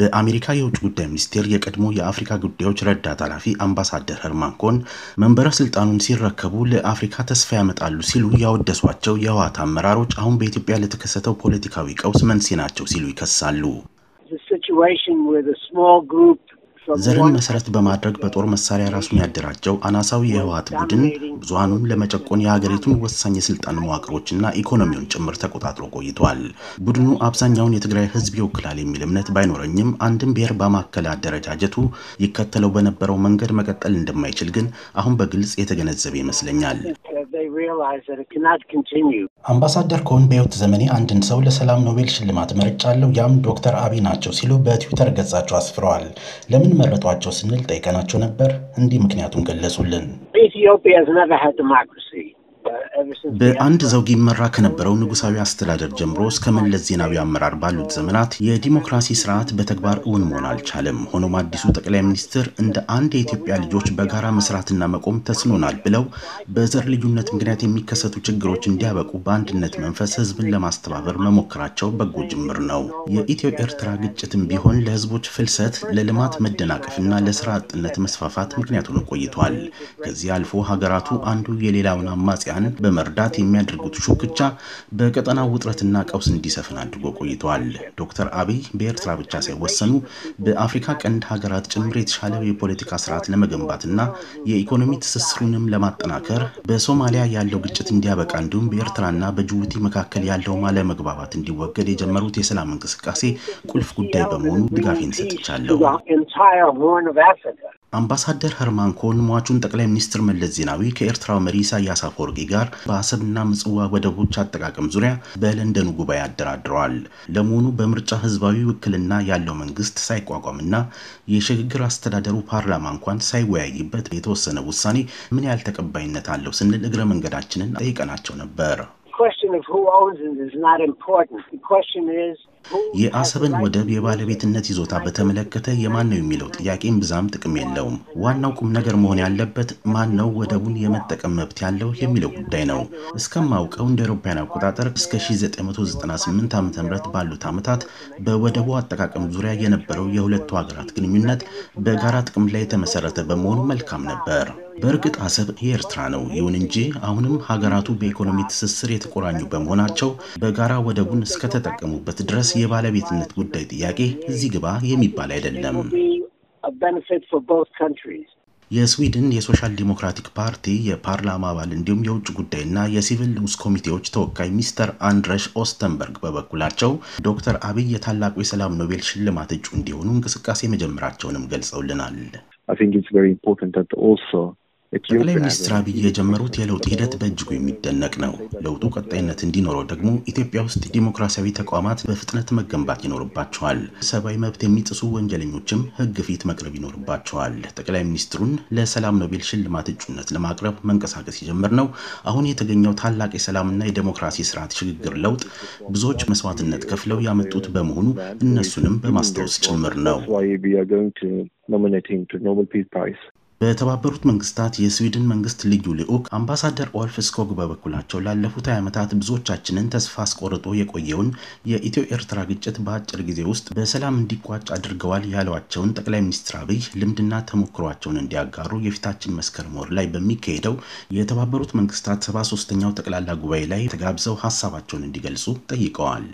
በአሜሪካ የውጭ ጉዳይ ሚኒስቴር የቀድሞ የአፍሪካ ጉዳዮች ረዳት ኃላፊ አምባሳደር ህርማን ኮን መንበረ ስልጣኑን ሲረከቡ ለአፍሪካ ተስፋ ያመጣሉ ሲሉ ያወደሷቸው የህወሓት አመራሮች አሁን በኢትዮጵያ ለተከሰተው ፖለቲካዊ ቀውስ መንስኤ ናቸው ሲሉ ይከሳሉ። ዘርን መሰረት በማድረግ በጦር መሳሪያ ራሱን ያደራጀው አናሳዊ የህወሀት ቡድን ብዙሀኑን ለመጨቆን የሀገሪቱን ወሳኝ የስልጣን መዋቅሮችና ኢኮኖሚውን ጭምር ተቆጣጥሮ ቆይቷል። ቡድኑ አብዛኛውን የትግራይ ህዝብ ይወክላል የሚል እምነት ባይኖረኝም አንድም ብሔር ባማከለ አደረጃጀቱ ይከተለው በነበረው መንገድ መቀጠል እንደማይችል ግን አሁን በግልጽ የተገነዘበ ይመስለኛል። አምባሳደር ኮን በህይወት ዘመኔ አንድን ሰው ለሰላም ኖቤል ሽልማት መርጫለሁ፣ ያም ዶክተር አብይ ናቸው ሲሉ በትዊተር ገጻቸው አስፍረዋል። ለምን ለምን መረጧቸው ስንል ጠይቀናቸው ነበር። እንዲህ ምክንያቱም ገለጹልን። ኢትዮጵያ በአንድ ዘውግ ይመራ ከነበረው ንጉሳዊ አስተዳደር ጀምሮ እስከ መለስ ዜናዊ አመራር ባሉት ዘመናት የዲሞክራሲ ስርዓት በተግባር እውን መሆን አልቻለም። ሆኖም አዲሱ ጠቅላይ ሚኒስትር እንደ አንድ የኢትዮጵያ ልጆች በጋራ መስራትና መቆም ተስኖናል ብለው በዘር ልዩነት ምክንያት የሚከሰቱ ችግሮች እንዲያበቁ በአንድነት መንፈስ ህዝብን ለማስተባበር መሞከራቸው በጎ ጅምር ነው። የኢትዮ ኤርትራ ግጭትም ቢሆን ለህዝቦች ፍልሰት፣ ለልማት መደናቀፍና ለስራ አጥነት መስፋፋት ምክንያት ሆኖ ቆይቷል። ከዚህ አልፎ ሀገራቱ አንዱ የሌላውን አማጽያን ለመርዳት የሚያደርጉት ሹክቻ በቀጠናው ውጥረትና ቀውስ እንዲሰፍን አድርጎ ቆይተዋል። ዶክተር አብይ በኤርትራ ብቻ ሳይወሰኑ በአፍሪካ ቀንድ ሀገራት ጭምር የተሻለ የፖለቲካ ስርዓት ለመገንባትና የኢኮኖሚ ትስስሩንም ለማጠናከር በሶማሊያ ያለው ግጭት እንዲያበቃ እንዲሁም በኤርትራና በጅቡቲ መካከል ያለው አለመግባባት እንዲወገድ የጀመሩት የሰላም እንቅስቃሴ ቁልፍ ጉዳይ በመሆኑ ድጋፌን ሰጥቻለሁ። አምባሳደር ሀርማን ኮን ሟቹን ጠቅላይ ሚኒስትር መለስ ዜናዊ ከኤርትራው መሪ ኢሳያስ አፈወርቂ ጋር በአሰብና ምጽዋ ወደቦች አጠቃቀም ዙሪያ በለንደኑ ጉባኤ አደራድረዋል። ለመሆኑ በምርጫ ህዝባዊ ውክልና ያለው መንግስት ሳይቋቋምና የሽግግር አስተዳደሩ ፓርላማ እንኳን ሳይወያይበት የተወሰነ ውሳኔ ምን ያህል ተቀባይነት አለው ስንል እግረ መንገዳችንን ጠይቀናቸው ነበር። የአሰብን ወደብ የባለቤትነት ይዞታ በተመለከተ የማን ነው የሚለው ጥያቄም ብዛም ጥቅም የለውም። ዋናው ቁም ነገር መሆን ያለበት ማን ነው ወደቡን የመጠቀም መብት ያለው የሚለው ጉዳይ ነው። እስከማውቀው እንደ አውሮፓውያን አቆጣጠር እስከ 1998 ዓ ም ባሉት ዓመታት በወደቡ አጠቃቀም ዙሪያ የነበረው የሁለቱ ሀገራት ግንኙነት በጋራ ጥቅም ላይ የተመሰረተ በመሆኑ መልካም ነበር። በእርግጥ አሰብ የኤርትራ ነው። ይሁን እንጂ አሁንም ሀገራቱ በኢኮኖሚ ትስስር የተቆራኙ በመሆናቸው በጋራ ወደቡን እስከተጠቀሙበት ድረስ የባለቤትነት ጉዳይ ጥያቄ እዚህ ግባ የሚባል አይደለም። የስዊድን የሶሻል ዲሞክራቲክ ፓርቲ የፓርላማ አባል እንዲሁም የውጭ ጉዳይና የሲቪል ንዑስ ኮሚቴዎች ተወካይ ሚስተር አንድረሽ ኦስተንበርግ በበኩላቸው ዶክተር አብይ የታላቁ የሰላም ኖቤል ሽልማት እጩ እንዲሆኑ እንቅስቃሴ መጀመራቸውንም ገልጸውልናል። ጠቅላይ ሚኒስትር አብይ የጀመሩት የለውጥ ሂደት በእጅጉ የሚደነቅ ነው። ለውጡ ቀጣይነት እንዲኖረው ደግሞ ኢትዮጵያ ውስጥ ዲሞክራሲያዊ ተቋማት በፍጥነት መገንባት ይኖርባቸዋል። ሰብአዊ መብት የሚጥሱ ወንጀለኞችም ሕግ ፊት መቅረብ ይኖርባቸዋል። ጠቅላይ ሚኒስትሩን ለሰላም ኖቤል ሽልማት እጩነት ለማቅረብ መንቀሳቀስ ነው አሁን የተገኘው ታላቅ የሰላምና የዴሞክራሲ ስርዓት ሽግግር ለውጥ ብዙዎች መስዋዕትነት ከፍለው ያመጡት በመሆኑ እነሱንም በማስታወስ ጭምር ነው። በተባበሩት መንግስታት የስዊድን መንግስት ልዩ ልዑክ አምባሳደር ኦልፍ ስኮግ በበኩላቸው ላለፉት ዓመታት ብዙዎቻችንን ተስፋ አስቆርጦ የቆየውን የኢትዮ ኤርትራ ግጭት በአጭር ጊዜ ውስጥ በሰላም እንዲቋጭ አድርገዋል ያሏቸውን ጠቅላይ ሚኒስትር አብይ ልምድና ተሞክሯቸውን እንዲያጋሩ የፊታችን መስከረም ወር ላይ በሚካሄደው የተባበሩት መንግስታት 73ኛው ጠቅላላ ጉባኤ ላይ ተጋብዘው ሀሳባቸውን እንዲገልጹ ጠይቀዋል።